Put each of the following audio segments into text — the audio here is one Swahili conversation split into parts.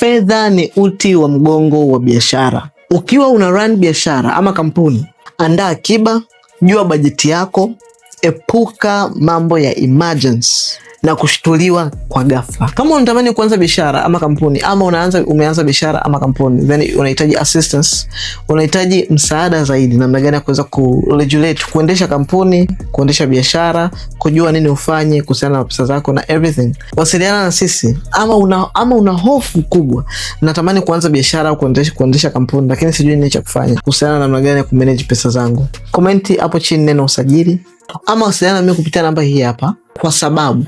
fedha ni uti wa mgongo wa biashara. Ukiwa una run biashara ama kampuni, andaa akiba, jua bajeti yako, epuka mambo ya emergency na kushtuliwa kwa ghafla. Kama unatamani kuanza biashara ama kampuni ama unaanza umeanza biashara ama kampuni, then unahitaji assistance, unahitaji msaada zaidi, namna gani ya kuweza ku regulate kuendesha kampuni, kuendesha biashara, kujua nini ufanye kuhusiana na pesa zako na everything, wasiliana na sisi. Ama una, ama una hofu kubwa, natamani kuanza biashara au kuendesha, kuendesha kampuni, lakini sijui nini cha kufanya kuhusiana na namna gani ya ku manage pesa zangu, komenti hapo chini neno usajili ama wasiliana na mimi kupitia namba hii hapa, kwa sababu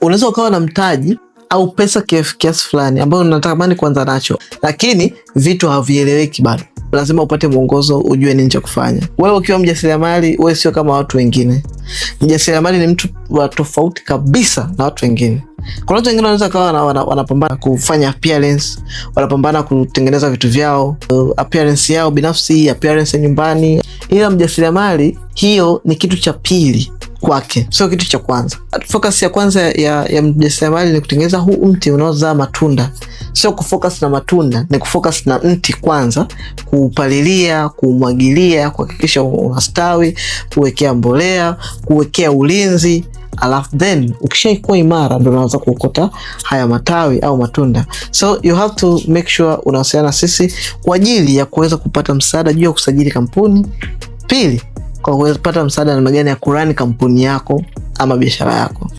unaweza ukawa na mtaji au pesa kiasi fulani ambayo unatamani kuanza nacho, lakini vitu havieleweki bado. Lazima upate mwongozo, ujue nini cha kufanya. Wewe ukiwa mjasiriamali, wewe sio kama watu wengine. Mjasiriamali ni mtu wa tofauti kabisa na watu wengine. Kuna watu wengine wanaweza kawa wanapambana kufanya appearance, wanapambana kutengeneza vitu vyao, uh, appearance yao binafsi, appearance ya nyumbani ila mjasiriamali hiyo ni kitu cha pili kwake, sio kitu cha kwanza. Focus ya kwanza ya, ya mjasiriamali ni kutengeneza huu mti unaozaa matunda, sio kufocus na matunda, ni kufocus na mti kwanza, kuupalilia, kuumwagilia, kuhakikisha unastawi, kuwekea mbolea, kuwekea ulinzi alafu then ukishaikuwa imara ndo unaweza kuokota haya matawi au matunda. So you have to make sure unawasiliana sisi kwa ajili ya kuweza kupata msaada juu ya kusajili kampuni. Pili, kwa kuweza kupata msaada namna gani ya kurani kampuni yako ama biashara yako.